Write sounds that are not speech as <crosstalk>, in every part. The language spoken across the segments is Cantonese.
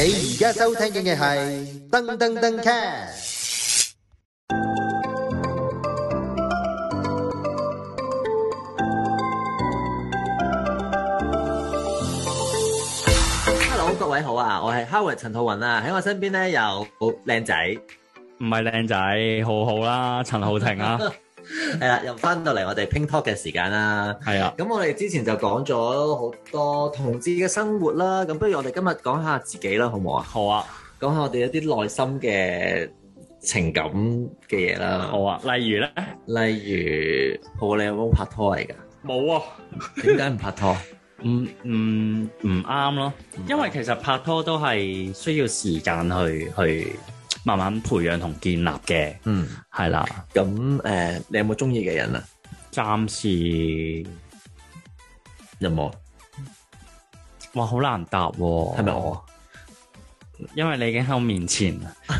你而家收聽緊嘅係噔噔噔 cast。Hello，各位好啊，我係 Howard 陳浩雲啊，喺我身邊咧有靚仔，唔係靚仔，浩浩啦，陳浩霆啊。係啦，又翻 <laughs> 到嚟我哋拼 talk 嘅時間啦。係啊，咁我哋之前就講咗好多同志嘅生活啦。咁不如我哋今日講下自己啦，好唔好啊？好啊，講下我哋一啲內心嘅情感嘅嘢啦。好啊，例如咧？例如，好，你有冇拍拖嚟噶？冇啊，點解唔拍拖？唔唔唔啱咯，因為其實拍拖都係需要時間去去。去慢慢培養同建立嘅，嗯，係啦。咁誒，你有冇中意嘅人啊？暫時有冇。哇，好難答喎，係咪我？因為你已經喺我面前，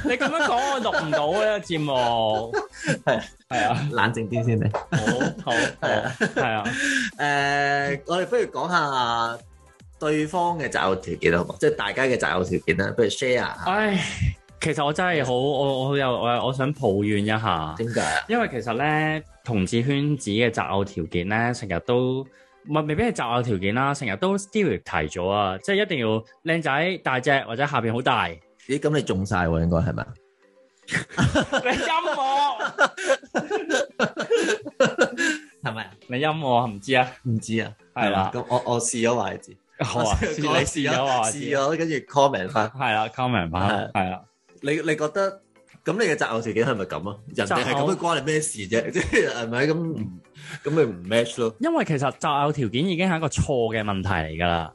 你咁樣講，我錄唔到啊節目。係係啊，冷靜啲先啦。好好係啊係啊。誒，我哋不如講下對方嘅擇偶條件好唔好？即係大家嘅擇偶條件啦，不如 share。哎。其實我真係好，我我又我我想抱怨一下。點解啊？因為其實咧，同志圈子嘅擇偶條件咧，成日都唔係未必係擇偶條件啦，啊，成日都 stereotype 咗啊，即係一定要靚仔大隻或者下邊好大。咦、欸？咁你中晒喎，啊，應該係咪你陰陰我係咪啊？你陰我唔知啊，唔知啊，係啦。咁我我試咗話你知，好 <laughs> 啊 <laughs> <laughs> 是，試你試咗，試咗，跟住 comment 翻，係啊，comment 翻，係啊。你你覺得咁你嘅擇偶條件係咪咁啊？人哋係咁樣關你咩事啫？即係係咪咁咁咪唔 match 咯？因為其實擇偶條件已經係一個錯嘅問題嚟噶啦。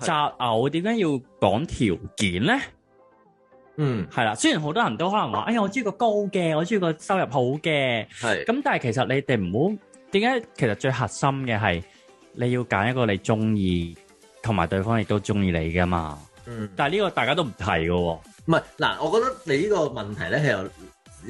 擇偶點解要講條件咧？嗯，係啦。雖然好多人都可能話：哎呀，我中意個高嘅，我中意個收入好嘅。係。咁但係其實你哋唔好點解？其實最核心嘅係你要揀一個你中意，同埋對方亦都中意你噶嘛。嗯，但係呢個大家都唔提嘅喎、哦，唔係嗱，我覺得你呢個問題咧係有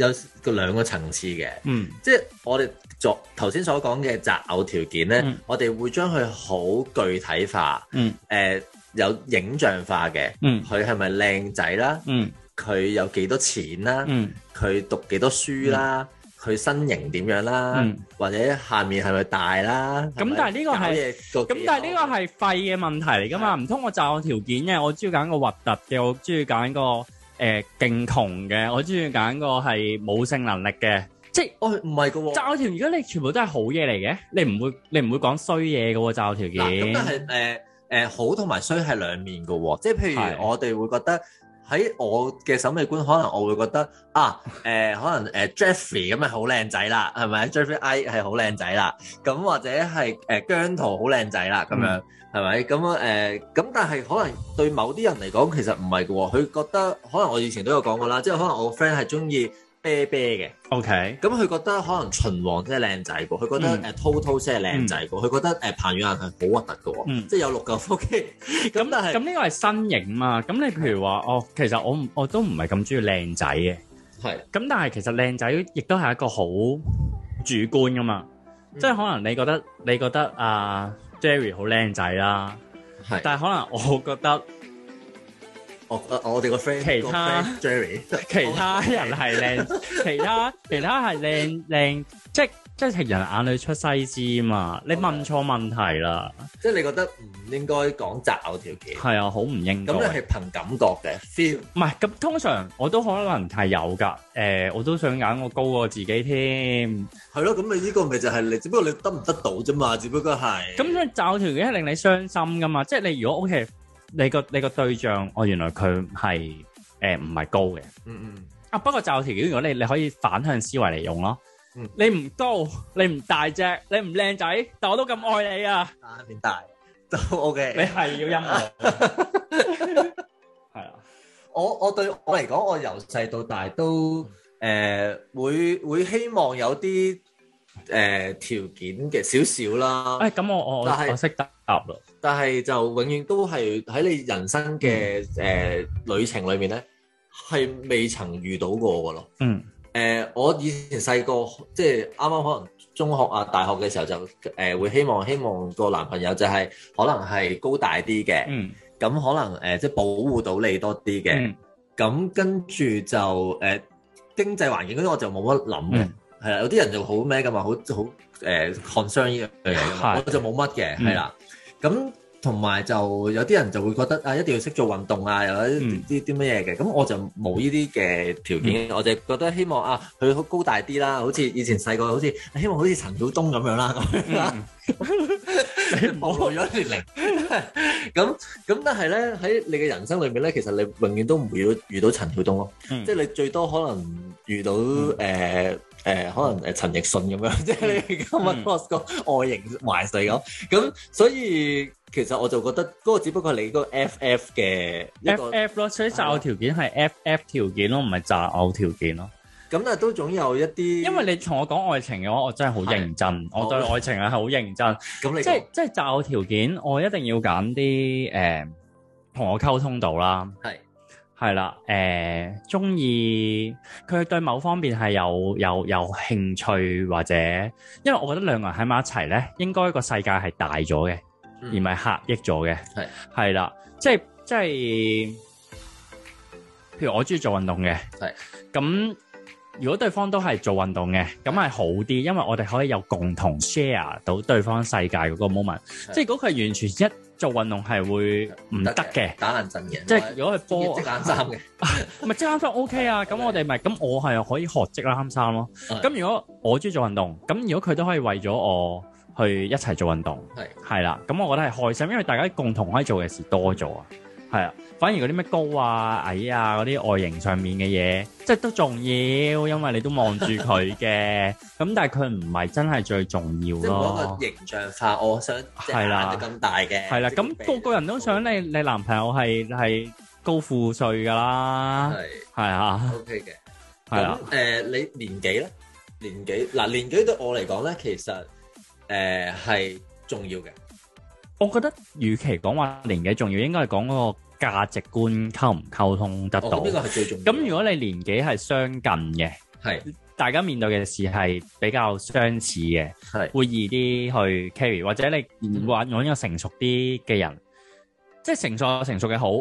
有個兩個層次嘅，嗯，即係我哋作頭先所講嘅擇偶條件咧，嗯、我哋會將佢好具體化，嗯，誒、呃、有影像化嘅，嗯，佢係咪靚仔啦，嗯，佢有幾多錢啦，嗯，佢讀幾多書啦。嗯。佢身形點樣啦？或者下面係咪大啦？咁但係呢個係，咁但係呢個係廢嘅問題嚟㗎嘛？唔通我炸我條件嘅？我中意揀個核突嘅，我中意揀個誒勁窮嘅，我中意揀個係冇性能力嘅。即係我唔係㗎喎，炸我條件，如果你全部都係好嘢嚟嘅，你唔會你唔會講衰嘢㗎喎，炸我條件。咁但係誒誒好同埋衰係兩面㗎喎，即係譬如我哋會覺得。喺我嘅審美觀，可能我會覺得啊，誒、呃，可能誒、呃、Jeffrey 咁咪好靚仔啦，係咪？Jeffrey I 係好靚仔啦，咁、嗯、或者係誒、呃、姜濤好靚仔啦，咁樣係咪？咁誒，咁、嗯嗯呃、但係可能對某啲人嚟講，其實唔係嘅喎，佢覺得可能我以前都有講過啦，即係可能我 friend 係中意。啤啤嘅，OK，咁佢覺得可能秦王先係靚仔嘅，佢覺得誒滔滔先係靚仔嘅，佢覺得誒彭宇航係好核突嘅喎，嗯、即係有六嚿腹肌。咁嗎、okay、但係咁呢個係身形嘛，咁你譬如話哦，其實我我都唔係咁中意靚仔嘅，係的。咁但係其實靚仔亦都係一個好主觀㗎嘛，的嗯、即係可能你覺得你覺得啊 Jerry 好靚仔啦，係，但係可能我覺得。我我哋個 friend，其他 Jerry，其他人係靚， <laughs> 其他其他係靚靚，即即係情人人眼裏出西施嘛。你問錯問題啦，即係你覺得唔應該講擇偶條件，係啊，好唔應該。咁你係憑感覺嘅 feel，唔係咁通常我都可能係有噶，誒、呃，我都想揀我高過自己添。係咯、啊，咁你呢個咪就係你，只不過你得唔得到啫嘛，只不過係。咁所以擇偶條件係令你傷心噶嘛，即係你如果 OK。你個你個對象，我原來佢係誒唔係高嘅，嗯嗯，啊不過就條件，如果你你可以反向思維嚟用咯，嗯，你唔高，你唔大隻，你唔靚仔，但我都咁愛你啊，變大都 OK，你係要音樂，係啊，我我對我嚟講，我由細到大都誒會會希望有啲誒條件嘅少少啦，誒咁我我我識得答咯。但係就永遠都係喺你人生嘅誒、呃、旅程裏面咧，係未曾遇到過㗎咯。嗯。誒，我以前細個即係啱啱可能中學啊、大學嘅時候就誒、呃、會希望希望個男朋友就係可能係高大啲嘅。Mm. 嗯。咁可能誒即係保護到你多啲嘅。嗯、mm.。咁跟住就誒經濟環境嗰啲我就冇乜諗嘅，係啦。有啲人就好咩嘅嘛，好好誒抗商依樣嘢，Ugh, that, 我就冇乜嘅，係啦 <laughs> 了。咁同埋就有啲人就會覺得啊一定要識做運動啊，又或啲啲乜嘢嘅。咁、嗯、我就冇呢啲嘅條件，嗯、我就覺得希望啊佢好高大啲啦，好似以前細個，好似、啊、希望好似陳曉東咁樣啦。我冇咗年齡，咁 <laughs> 咁但係咧喺你嘅人生裏面咧，其實你永遠都唔會遇到陳曉東咯，嗯、即係你最多可能遇到誒。呃嗯誒，可能誒陳奕迅咁樣，即係你而家 cross 個外形壞死，咁，咁所以其實我就覺得嗰個只不過你個 ff 嘅 ff 咯，所以擇偶條件係 ff 條件咯，唔係擇偶條件咯。咁但係，都總有一啲。因為你同我講愛情嘅話，我真係好認真，我對愛情啊係好認真。咁你即係即係擇偶條件，我一定要揀啲誒同我溝通到啦。係。係啦，誒，中意佢對某方面係有有有興趣，或者因為我覺得兩個人喺埋一齊咧，應該個世界係大咗嘅，嗯、而唔係狹隘咗嘅。係係啦，即係即係，譬如我中意做運動嘅，係咁的。如果對方都係做運動嘅，咁係好啲，因為我哋可以有共同 share 到對方世界嗰個 moment。的即係如果佢完全一做運動係會唔得嘅，打硬陣嘅，即係如果係波即啱衫嘅，咪 <laughs> 即啱衫 OK 啊。咁 <laughs> 我哋咪咁我係可以學即啱衫咯。咁的如果我鍾意做運動，咁如果佢都可以為咗我去一齊做運動，係係啦。咁我覺得係開心，因為大家共同可以做嘅事多咗。係啊，反而嗰啲咩高啊矮啊嗰啲外形上面嘅嘢，即係都重要，因為你都望住佢嘅。咁但係佢唔係真係最重要咯。即係嗰個形象化，我想係啦，咁大嘅。係啦，咁個個人都想你，你男朋友係係高富帥噶啦，係係啊。OK 嘅，係啦。誒，你年紀咧？年紀嗱，年紀對我嚟講咧，其實誒係重要嘅。我覺得與其講話年紀重要，應該係講嗰個價值觀溝唔溝通得到。咁呢個係最重要。咁如果你年紀係相近嘅，係是大家面對嘅事係比較相似嘅，係是會易啲去 carry。或者你或揾個成熟啲嘅人，嗯、即係成熟有成熟嘅好，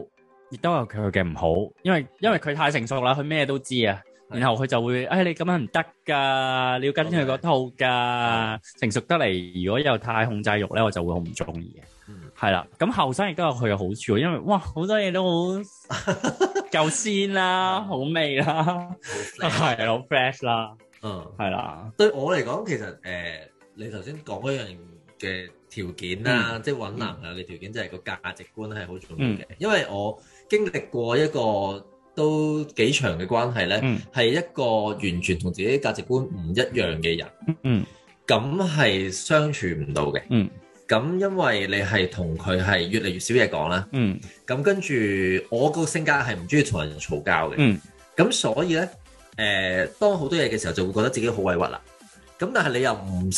亦都有佢嘅唔好，因為因為佢太成熟啦，佢咩都知啊。然後佢就會，哎，你咁樣唔得噶，你要跟住佢嗰套噶，成熟得嚟，如果有太控制欲咧，我就會好唔中意嘅。係啦，咁後生亦都有佢嘅好處，因為哇，好多嘢都好夠鮮啦，好味啦，係啊，fresh 啦，嗯，係啦。對我嚟講，其實誒，你頭先講嗰樣嘅條件啦，即係搵男朋友嘅條件，就係個價值觀係好重要嘅，因為我經歷過一個。都幾長嘅關係呢，係一個完全同自己價值觀唔一樣嘅人，咁係相處唔到嘅。咁因為你係同佢係越嚟越少嘢講啦。咁跟住我個性格係唔中意同人嘈交嘅。咁所以呢，誒，當好多嘢嘅時候，就會覺得自己好委屈啦。咁但係你又唔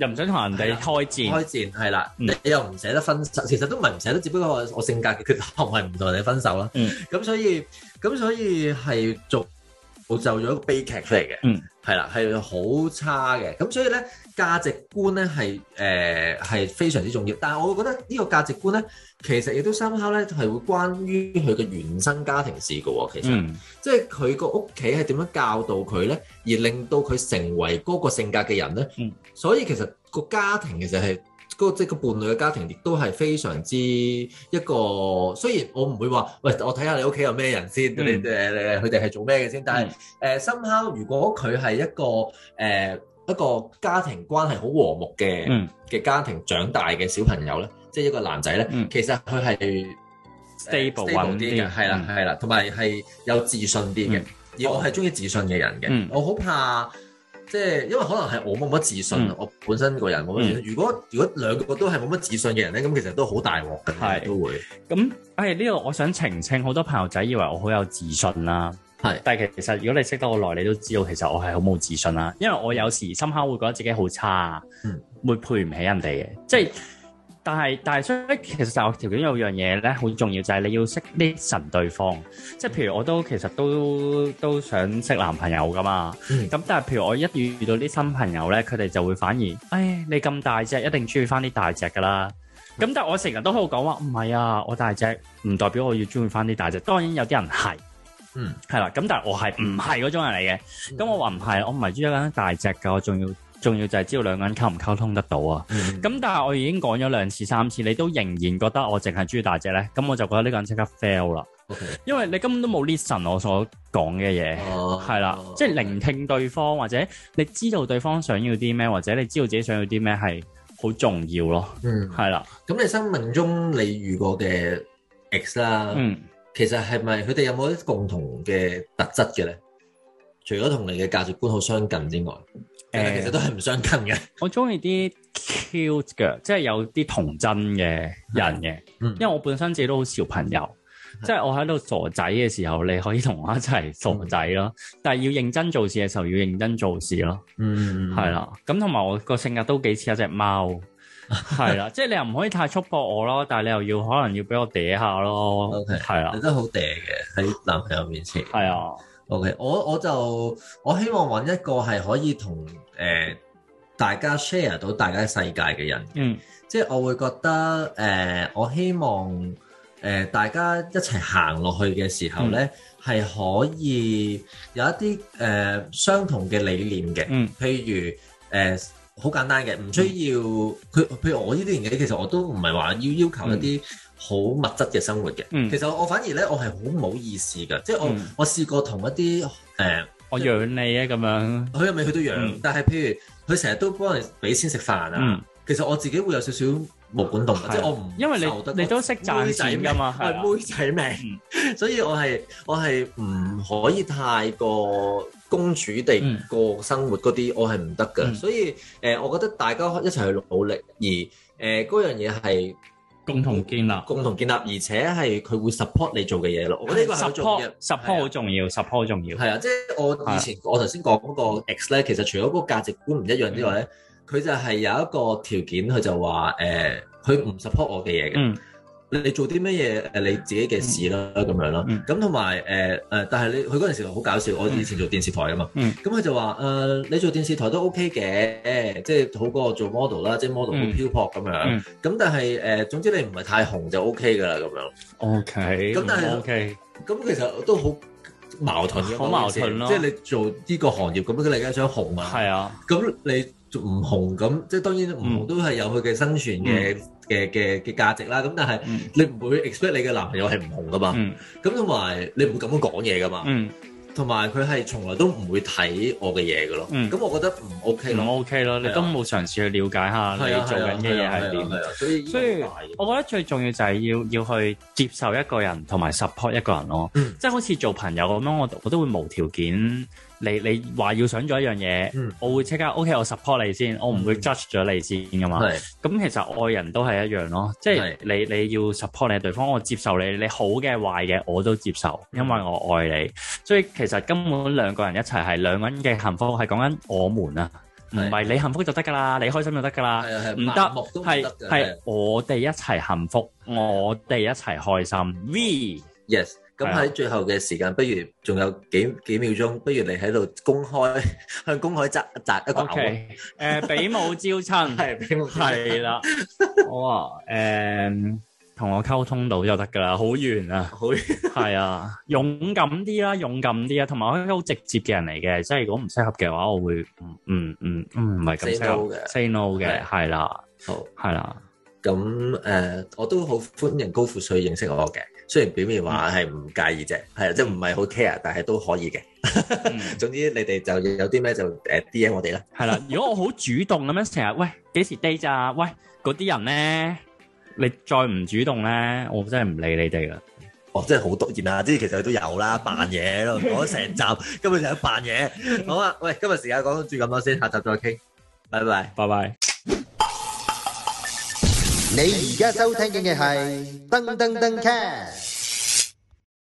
又唔想同人哋開戰，開戰係啦。你又唔捨得分手，其實都唔係唔捨得，只不過我性格嘅缺陷係唔同人哋分手啦。咁所以。咁所以係造造咗一個悲劇出嚟嘅，嗯，係啦，係好差嘅。咁所以咧價值觀咧係誒係非常之重要，但係我覺得呢個價值觀咧其實亦都參考咧係會關於佢嘅原生家庭事噶喎、哦，其實，嗯、即係佢個屋企係點樣教導佢咧，而令到佢成為嗰個性格嘅人咧。嗯，所以其實個家庭其實係。嗰個即係個伴侶嘅家庭，亦都係非常之一個。雖然我唔會話，喂，我睇下你屋企有咩人先，你誒佢哋係做咩嘅先。但係誒，深刻如果佢係一個誒一個家庭關係好和睦嘅嘅家庭長大嘅小朋友咧，即係一個男仔咧，其實佢係 stable 啲嘅，係啦係啦，同埋係有自信啲嘅。而我係中意自信嘅人嘅，我好怕。即係因為可能係我冇乜自信，嗯、我本身個人冇乜。嗯、如果如果兩個都係冇乜自信嘅人咧，咁其實都好大鑊㗎。係是都會。咁係呢個，我想澄清好多朋友仔以為我好有自信啦、啊。係是，但係其實如果你識得我耐，你都知道其實我係好冇自信啦、啊。因為我有時深刻會覺得自己好差，嗯、會配唔起人哋嘅。即、就、係、是。嗯但係，但係，所以其實就條件有樣嘢咧，好重要就係、是、你要識啲神對方。即係譬如我都其實都都想識男朋友噶嘛。咁、嗯、但係譬如我一遇遇到啲新朋友咧，佢哋就會反而，唉、哎，你咁大隻，一定中意翻啲大隻噶啦。咁但係我成日都喺度講話，唔係啊，我大隻唔代表我要中意翻啲大隻。當然有啲人係，嗯，係啦。咁但係我係唔係嗰種人嚟嘅。咁、嗯、我話唔係，我唔係中意一個人大隻㗎，我仲要。重要就係知道兩個人溝唔溝通得到啊！咁、嗯、但係我已經講咗兩次、三次，你都仍然覺得我淨係中意大隻呢。咁我就覺得呢個人即刻 fail 啦。Okay. 因為你根本都冇 listen 我所講嘅嘢，係啦，即係聆聽對方或者你知道對方想要啲咩，或者你知道自己想要啲咩係好重要咯。嗯，係啦的。咁、嗯、你生命中你遇過嘅 X 啦，嗯，其實係咪佢哋有冇啲共同嘅特質嘅呢？除咗同你嘅價值觀好相近之外，誒其實都係唔相近嘅。我中意啲 cute 嘅，即係有啲童真嘅人嘅，因為我本身自己都好小朋友，即係我喺度傻仔嘅時候，你可以同我一齊傻仔咯。但係要認真做事嘅時候，要認真做事咯。嗯，係啦。咁同埋我個性格都幾似一隻貓，係啦。即係你又唔可以太束縛我咯，但係你又要可能要俾我嗲下咯。OK，係啦，你都好嗲嘅喺男朋友面前。係啊。OK，我我就我希望揾一個係可以同誒、呃、大家 share 到大家世界嘅人，嗯，即係我會覺得誒、呃、我希望誒、呃、大家一齊行落去嘅時候咧，係、嗯、可以有一啲誒、呃、相同嘅理念嘅，嗯、譬如誒、呃好簡單嘅，唔需要佢、嗯。譬如我呢啲年紀，其實我都唔係話要要求一啲好物質嘅生活嘅。嗯、其實我反而咧，我係好冇意思㗎。即係我，嗯、我試過同一啲誒，呃、我養你啊咁樣。佢又未去到養，嗯、但係譬如佢成日都幫人俾錢食飯啊。嗯、其實我自己會有少少。冇管動，即係我唔受得。因為你都識賺錢㗎嘛。係妹仔命，所以我係我係唔可以太過公主地過生活嗰啲，我係唔得嘅。所以誒，我覺得大家一齊去努力，而誒嗰樣嘢係共同建立、共同建立，而且係佢會 support 你做嘅嘢咯。我覺得呢個 support、support 好重要、support 好重要。係啊，即係我以前我頭先講嗰個 ex 咧，其實除咗個價值觀唔一樣之外咧。佢就係有一個條件，佢就話誒，佢唔 support 我嘅嘢嘅。嗯，你做啲咩嘢誒？你自己嘅事啦，咁樣啦。咁同埋誒誒，但係你佢嗰陣時好搞笑。我以前做電視台啊嘛。咁佢就話誒，你做電視台都 OK 嘅，即係好過做 model 啦。即係 model 好漂泊咁樣。咁但係誒，總之你唔係太紅就 OK 㗎啦，咁樣。OK。咁但係 OK。咁其實都好矛盾好矛盾咯。即係你做呢個行業咁樣，你而家想紅啊？係啊。咁你？唔紅咁，即係當然唔紅都係有佢嘅生存嘅嘅嘅嘅價值啦。咁但係你唔會 expect 你嘅男朋友係唔紅噶嘛？咁同埋你唔會咁樣講嘢噶嘛？同埋佢係從來都唔會睇我嘅嘢㗎咯。咁我覺得唔 OK 咯。唔 OK 咯，你都冇嘗試去了解下你做緊嘅嘢係點。所以，我覺得最重要就係要要去接受一個人同埋 support 一個人咯。即係好似做朋友咁樣，我我都會無條件。你你話要想做一樣嘢，嗯 OK，我會即刻 OK，我 support 你先，我唔會 judge 咗你先噶嘛。咁是其實愛人都係一樣咯，即係你你要 support 你對方，我接受你，你好嘅壞嘅我都接受，因為我愛你。所以其實根本兩個人一齊係兩個人嘅幸福，係講緊我們啊，唔係你幸福就得噶啦，你開心就得噶啦，唔得係係我哋一齊幸福，啊、我哋一齊開心。We yes。咁喺最後嘅時間，不如仲有幾幾秒鐘，不如你喺度公開向公開扎扎一個頭？誒，比武招親係比武招親係啦。我誒同我溝通到就得噶啦，好遠啊，好遠係啊，勇敢啲啦，勇敢啲啊，同埋我好直接嘅人嚟嘅，即係如果唔適合嘅話，我會嗯嗯嗯嗯唔係咁適合嘅。say no 嘅，係啦，好係啦。咁誒，我都好歡迎高富帥認識我嘅。雖然表面話係唔介意啫，係啊，即係唔係好 care，但係都可以嘅。 <laughs> 總之你哋就有啲咩就誒 DM 我哋啦。係啦，如果我好主動咁樣成日喂幾時 day 咋？喂嗰啲、啊、人咧，你再唔主動咧，我真係唔理你哋啦。哦，真係好突然啊！即係其實佢都有啦，扮嘢咯，我成 <laughs> 集根本就係扮嘢。好啊，喂，今日時間講到住咁多先，下集再傾。拜拜，拜拜。你而家收聽嘅係噔噔噔 cat